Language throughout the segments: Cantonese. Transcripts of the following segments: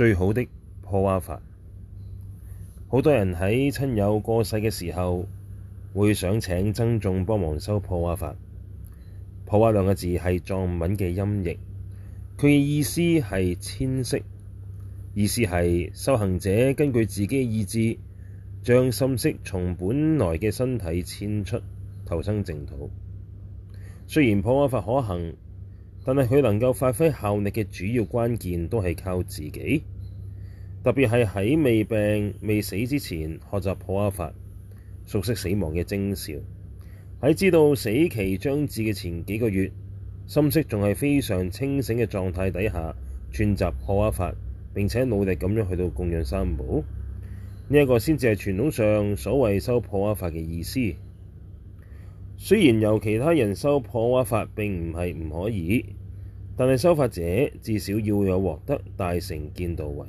最好的破瓦法，好多人喺親友過世嘅時候，會想請僧眾幫忙修破瓦法。破瓦兩個字係藏文嘅音譯，佢嘅意思係遷識，意思係修行者根據自己嘅意志，將心識從本來嘅身體遷出，投生淨土。雖然破瓦法可行。但係佢能夠發揮效力嘅主要關鍵，都係靠自己。特別係喺未病、未死之前，學習破瓦法，熟悉死亡嘅徵兆，喺知道死期將至嘅前幾個月，心識仲係非常清醒嘅狀態底下，串習破瓦法，並且努力咁樣去到供養三寶。呢、這、一個先至係傳統上所謂修破瓦法嘅意思。雖然由其他人修破瓦法並唔係唔可以，但係修法者至少要有獲得大乘見道位，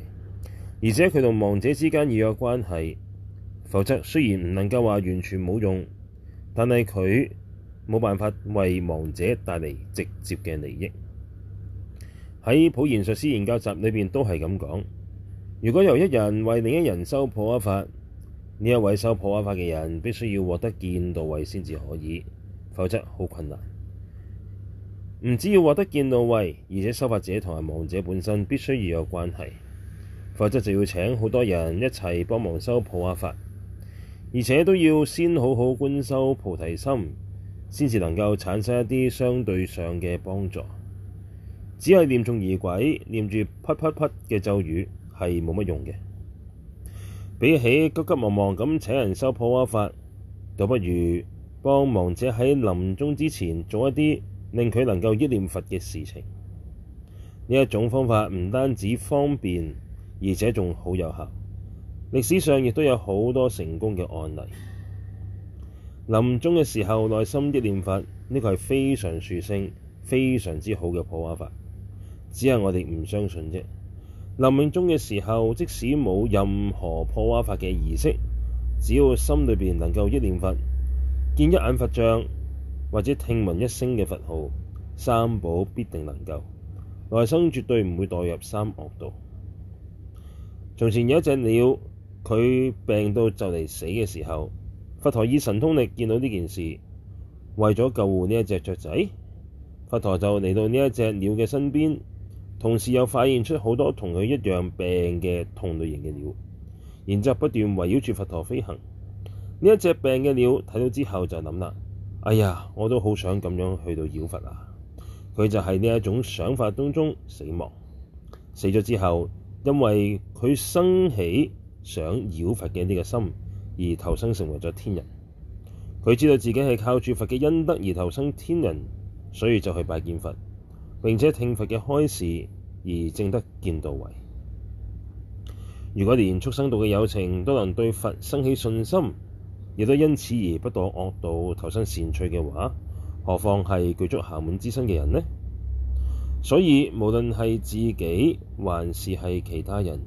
而且佢同亡者之間要有關係，否則雖然唔能夠話完全冇用，但係佢冇辦法為亡者帶嚟直接嘅利益。喺普賢上師研究集裏邊都係咁講，如果由一人為另一人修破瓦法。呢一位修破瓦法嘅人，必須要獲得見道位先至可以，否則好困難。唔只要獲得見道位，而且修法者同埋亡者本身必須要有關係，否則就要請好多人一齊幫忙修破瓦法，而且都要先好好觀修菩提心，先至能夠產生一啲相對上嘅幫助。只係念中疑鬼，念住「啪啪啪」嘅咒語係冇乜用嘅。比起急急忙忙咁請人修破瓦法，倒不如幫亡者喺臨終之前做一啲令佢能夠憶念佛嘅事情。呢一種方法唔單止方便，而且仲好有效。歷史上亦都有好多成功嘅案例。臨終嘅時候內心憶念佛，呢個係非常殊勝、非常之好嘅破瓦法，只係我哋唔相信啫。臨命終嘅時候，即使冇任何破瓦法嘅儀式，只要心裏邊能夠一念佛、見一眼佛像或者聽聞一聲嘅佛號，三寶必定能夠，來生絕對唔會墮入三惡道。從前有一隻鳥，佢病到就嚟死嘅時候，佛陀以神通力見到呢件事，為咗救護呢一隻雀仔，佛陀就嚟到呢一隻鳥嘅身邊。同時又發現出好多同佢一樣病嘅同類型嘅鳥，然之後不斷圍繞住佛陀飛行。呢一隻病嘅鳥睇到之後就諗啦：哎呀，我都好想咁樣去到繞佛啊！佢就喺呢一種想法當中死亡。死咗之後，因為佢生起想繞佛嘅呢個心，而投生成為咗天人。佢知道自己係靠住佛嘅恩德而投生天人，所以就去拜見佛。並且聽佛嘅開示而正得見道位。如果連畜生道嘅有情都能對佛生起信心，亦都因此而不墮惡道投身善趣嘅話，何況係具足下滿之身嘅人呢？所以無論係自己還是係其他人，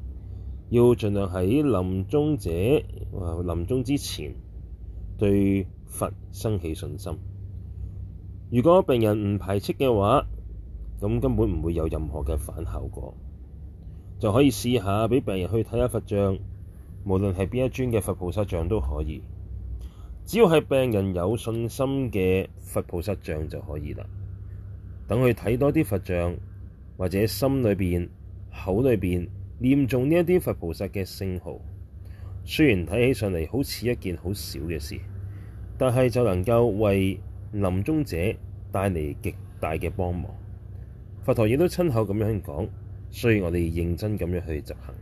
要儘量喺臨終者啊臨終之前對佛生起信心。如果病人唔排斥嘅話，咁根本唔會有任何嘅反效果，就可以試下畀病人去睇下佛像，無論係邊一尊嘅佛菩薩像都可以，只要係病人有信心嘅佛菩薩像就可以啦。等佢睇多啲佛像，或者心裏邊、口裏邊念誦呢一啲佛菩薩嘅聖號，雖然睇起上嚟好似一件好小嘅事，但係就能夠為臨終者帶嚟極大嘅幫忙。佛陀亦都親口咁樣去講，所以我哋要認真咁樣去執行。